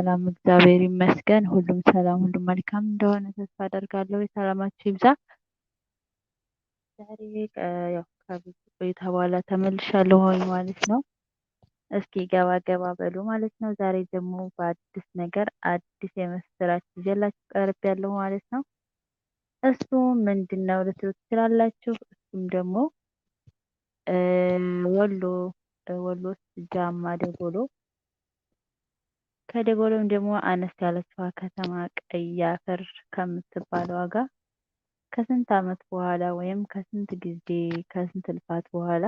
ሰላም እግዚአብሔር ይመስገን። ሁሉም ሰላም፣ ሁሉም መልካም እንደሆነ ተስፋ አደርጋለሁ። የሰላማችሁ ይብዛ። ዛሬ ያው ከቤት ቆይታ በኋላ ተመልሻለሁ ማለት ነው። እስኪ ገባ ገባ በሉ ማለት ነው። ዛሬ ደግሞ በአዲስ ነገር አዲስ የመስራት ይዤላችሁ ቀርቤያለሁ ማለት ነው። እሱ ምንድን ነው ልትሉ ትችላላችሁ። እሱም ደግሞ ወሎ ወሎ ጃማ ደጎሎ ከደጎሎም ደግሞ አነስ ያለችዋ ከተማ ቀይ አፈር ከምትባለዋ ጋር ከስንት ዓመት በኋላ ወይም ከስንት ጊዜ ከስንት ልፋት በኋላ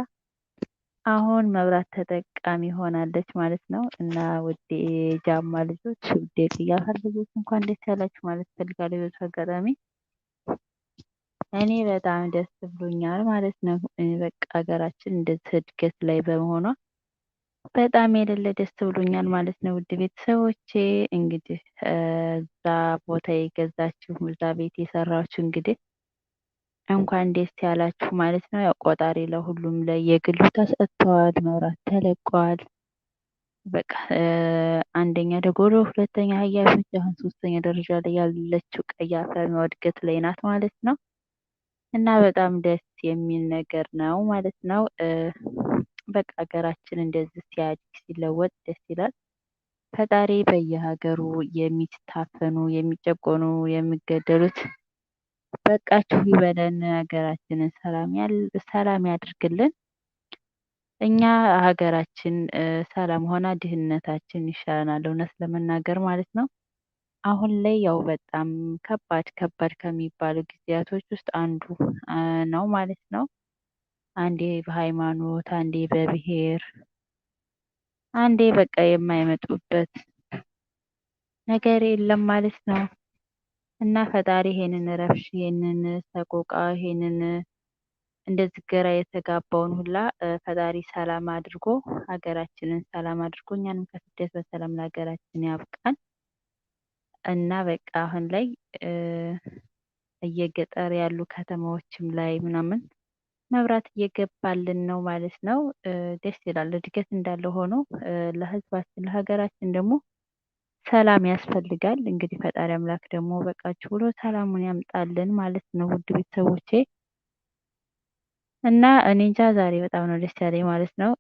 አሁን መብራት ተጠቃሚ ሆናለች ማለት ነው። እና ውዴ ጃማ ልጆች፣ ውዴ ቀይ ልጆች እንኳን ደስ ያላችሁ ማለት እፈልጋለሁ። በዚህ አጋጣሚ እኔ በጣም ደስ ብሎኛል ማለት ነው። በቃ ሀገራችን እንደዚህ እድገት ላይ በመሆኗ በጣም የሌለ ደስ ብሎኛል ማለት ነው። ውድ ቤተሰቦቼ እንግዲህ እዛ ቦታ የገዛችሁ እዛ ቤት የሰራችሁ እንግዲህ እንኳን ደስ ያላችሁ ማለት ነው። ያው ቆጣሪ ለሁሉም ላይ የግሉ ተሰጥተዋል። መብራት ተለቋል። በቃ አንደኛ ደጎሎ፣ ሁለተኛ ሀያፊት፣ አሁን ሶስተኛ ደረጃ ላይ ያለችው ቀይ አፈር እድገት ላይ ናት ማለት ነው። እና በጣም ደስ የሚል ነገር ነው ማለት ነው። በቃ ሀገራችን እንደዚህ ሲያድግ ሲለወጥ ደስ ይላል። ፈጣሪ በየሀገሩ የሚታፈኑ የሚጨቆኑ የሚገደሉት በቃችሁ ይበለን። ሀገራችንን ሰላም ያድርግልን። እኛ ሀገራችን ሰላም ሆና ድህነታችን ይሻለናል፣ እውነት ለመናገር ማለት ነው። አሁን ላይ ያው በጣም ከባድ ከባድ ከሚባሉ ጊዜያቶች ውስጥ አንዱ ነው ማለት ነው። አንዴ በሃይማኖት አንዴ በብሔር አንዴ በቃ የማይመጡበት ነገር የለም ማለት ነው። እና ፈጣሪ ይሄንን ረብሽ ይሄንን ሰቆቃ ይሄንን እንደዚህ ግራ የተጋባውን ሁላ ፈጣሪ ሰላም አድርጎ ሀገራችንን ሰላም አድርጎ እኛንም ከስደት በሰላም ለሀገራችን ያብቃን። እና በቃ አሁን ላይ እየገጠር ያሉ ከተማዎችም ላይ ምናምን መብራት እየገባልን ነው ማለት ነው። ደስ ይላል። እድገት እንዳለ ሆኖ ለህዝባችን ለሀገራችን ደግሞ ሰላም ያስፈልጋል። እንግዲህ ፈጣሪ አምላክ ደግሞ በቃችሁ ብሎ ሰላሙን ያምጣልን ማለት ነው። ውድ ቤተሰቦቼ እና እኔ እንጃ ዛሬ በጣም ነው ደስ ያለኝ ማለት ነው።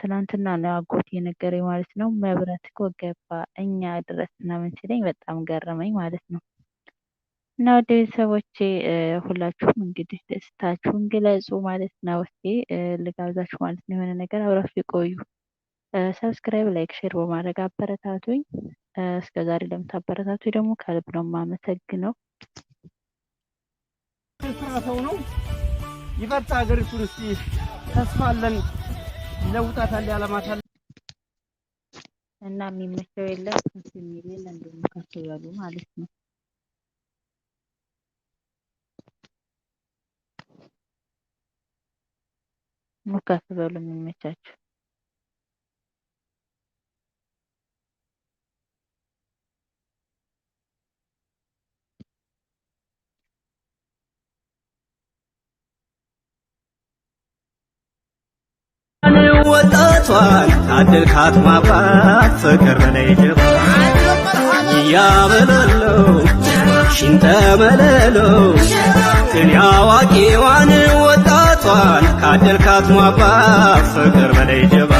ትናንትና ነው አጎት የነገረኝ ማለት ነው። መብረት እኮ ገባ እኛ ድረስ ምናምን ሲለኝ በጣም ገረመኝ ማለት ነው። እና ወደ ቤተሰቦቼ ሁላችሁም እንግዲህ ደስታችሁን ግለጹ ማለት ነው። እስኪ ልጋብዛችሁ ማለት ነው። የሆነ ነገር አብራችሁ የቆዩ ሰብስክራይብ፣ ላይክ፣ ሼር በማድረግ አበረታቱኝ። እስከ ዛሬ ለምታበረታቱኝ ደግሞ ከልብ ነው የማመሰግነው። ስራ ሰው ነው ይበርታ። ሀገሪቱን እስኪ ተስፋ አለን ይለውጣታል፣ ያለማታል እና የሚመቸው የለም ሚሊዮን እንደሚከፍሉ ያሉ ማለት ነው ኑ ከፍ በሉ የሚመቻችሁ። ወጣቷን አድልካት ማባት ፍቅር ነ ይጀባል እያበለለው ሽንተመለለው ግን አዋቂዋን ወጣ አባቷን ካደልካት ሟባ ፍቅር በላይ ጀባ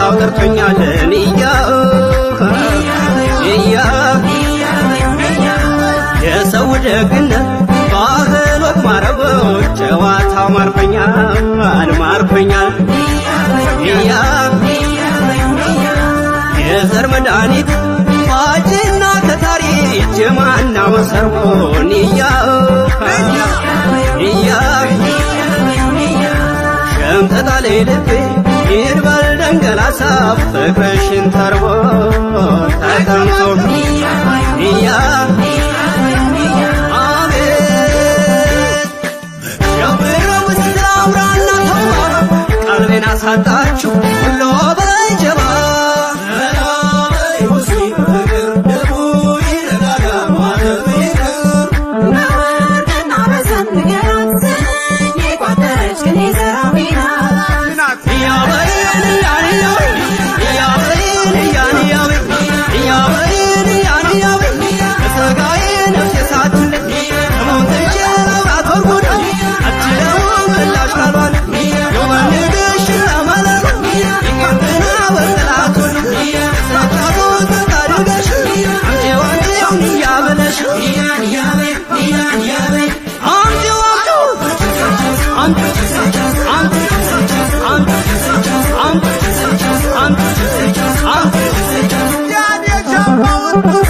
ታውቀርቶኛል እያ እያ የሰው ደግነት ባረገው ጨዋታው ማርኮኛል ማርኮኛል ያ የዘር መድኃኒት ፋጅና ከታሪ ጀማና ወሰርቦን ያ ያ ሸምጠጣ ልቤ ይድበል ደንገላሳ ፍቅርሽን ተርቦ ተቀምጦ ካጣችሁ ሁሎ በጀባ an an an Yani yaşam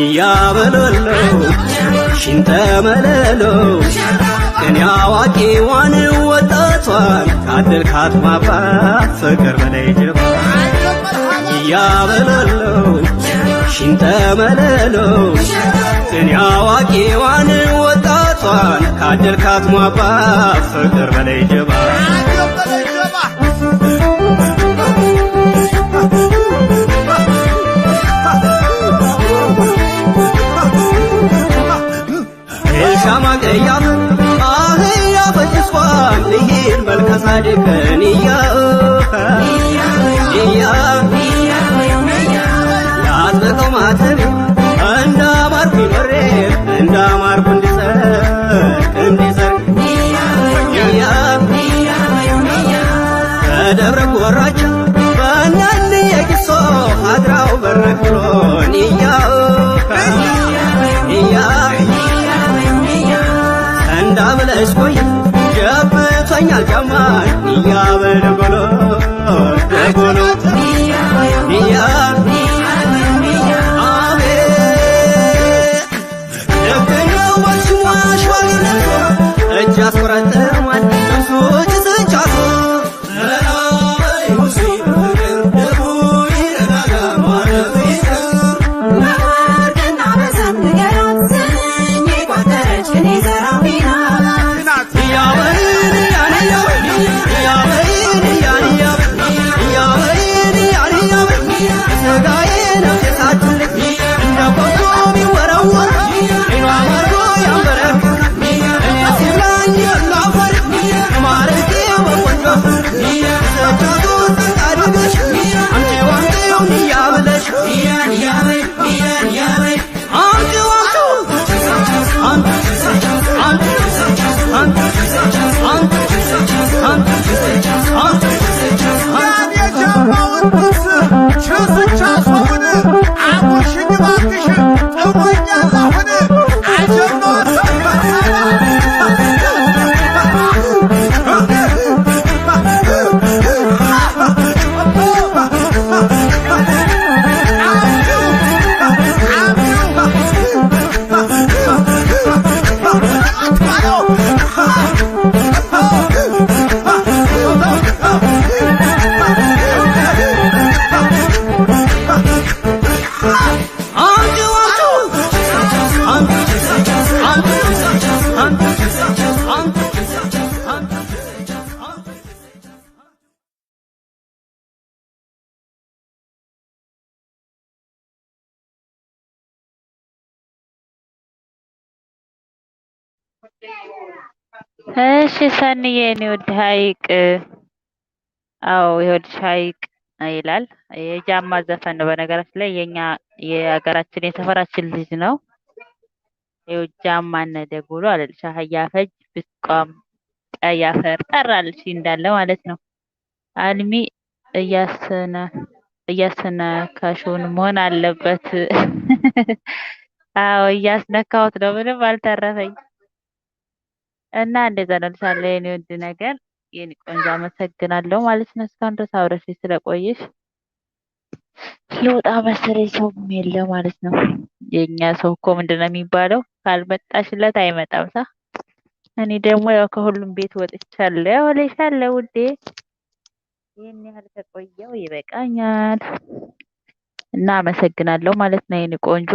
እያበለለው ሽንተመለለው እኔ አዋቂዋን ወጣቷን ካደልካት ማባት ፍቅር በላይ ጀባ እኔ አዋቂዋን ወጣቷን ማባት ፍቅር በላይ ጀባ adikaniya iya ያጥበቀው እንዳማርኩ ይኖሬ እንዳማርኩ እያ ከደብረ ጎራቻ የቂሶ አድራው በረክሎን እያ ቆያ 你要干嘛，你呀。እሺ ሰንዬ እኔ ወድ ሀይቅ አዎ የወድሽ ሀይቅ ይላል። የጃማ ዘፈን ነው። በነገራችን ላይ የኛ የሀገራችን የሰፈራችን ልጅ ነው። ጃማ እነ ደጎሎ አለልሽ አህያ ፈጅ ብትቋም ቀይ አፈር ጠራልሽ እንዳለ ማለት ነው። አልሚ እያሰነ እያስነካሽውን መሆን አለበት። አዎ እያስነካሁት ነው። ምንም አልተረፈኝ። እና እንደዛ ነው ልሳለ የኔ ውድ ነገር የኔ ቆንጆ አመሰግናለሁ ማለት ነው። እስካሁን ድረስ አብረሽ ስለቆየሽ ለወጣ መሰለኝ ሰውም የለ ማለት ነው። የእኛ ሰው እኮ ምንድን ነው የሚባለው ካልመጣሽለት አይመጣም ሳ እኔ ደግሞ ያው ከሁሉም ቤት ወጥቻለሁ። ያው እልሻለሁ ውዴ ይህን ያህል ከቆየው ይበቃኛል እና አመሰግናለሁ ማለት ነው። የኔ ቆንጆ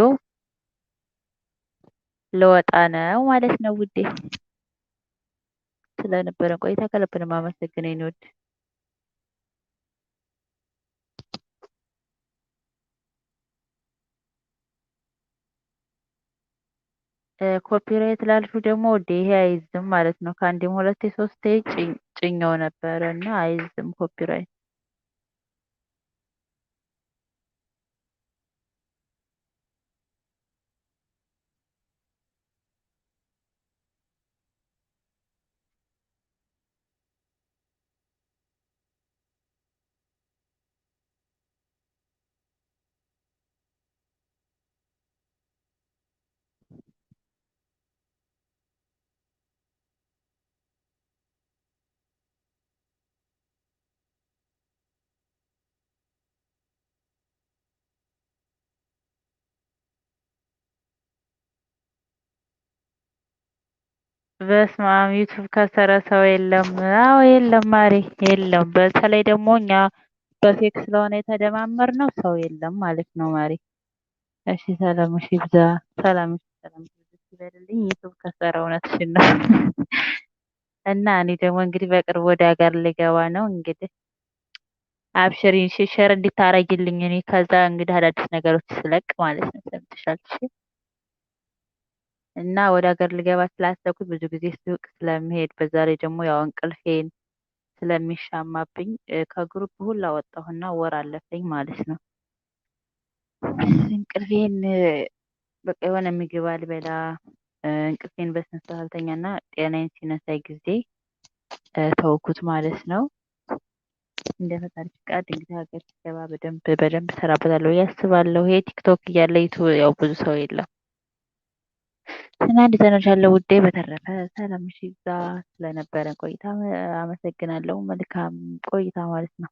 ለወጣ ነው ማለት ነው ውዴ። ስለነበረን ቆይታ ከልብ ነው የማመሰግነው የኔ ውድ። ኮፒራይት ላልሽው ደግሞ ውዴ ይሄ አይዝም ማለት ነው። ከአንድም ሁለቴ ሶስቴ ጭኛው ነበረ እና አይዝም ኮፒራይት በስመ አብ ዩቱብ ከሰረ ሰው የለም። አዎ የለም፣ ማሪ የለም። በተለይ ደግሞ እኛ በፌክ ስለሆነ የተደማመር ነው ሰው የለም ማለት ነው ማሪ እሺ ሰላምሽ ይብዛ፣ ሰላምሽ ሰላም ይበልልኝ። ዩቱብ ከሰረ እውነትሽን ነው። እና እኔ ደግሞ እንግዲህ በቅርብ ወደ ሀገር ልገባ ነው እንግዲህ አብሽሪን ሽሽር እንዲታረጊልኝ እኔ ከዛ እንግዲህ አዳዲስ ነገሮች ስለቅ ማለት ነው ሰምተሻል። እና ወደ ሀገር ልገባ ስላሰብኩት ብዙ ጊዜ ሱቅ ስለምሄድ በዛ ላይ ደግሞ ያው እንቅልፌን ስለሚሻማብኝ ከግሩፕ ሁላ አወጣሁና ወር አለፈኝ ማለት ነው። እንቅልፌን በቃ የሆነ ምግብ አልበላ እንቅልፌን በስነ ስርዓት ጤናዬን ሲነሳይ ጊዜ ተውኩት ማለት ነው። እንደ ፈጣሪ ፍቃድ እንግዲህ ሀገር ስገባ በደንብ በደንብ እሰራበታለሁ ብዬ አስባለሁ። ይሄ ቲክቶክ እያለ ያው ብዙ ሰው የለም። እና ዲዛይኖች ያለው በተረፈ ሰላም ይብዛ። ስለነበረ ቆይታ አመሰግናለሁ። መልካም ቆይታ ማለት ነው።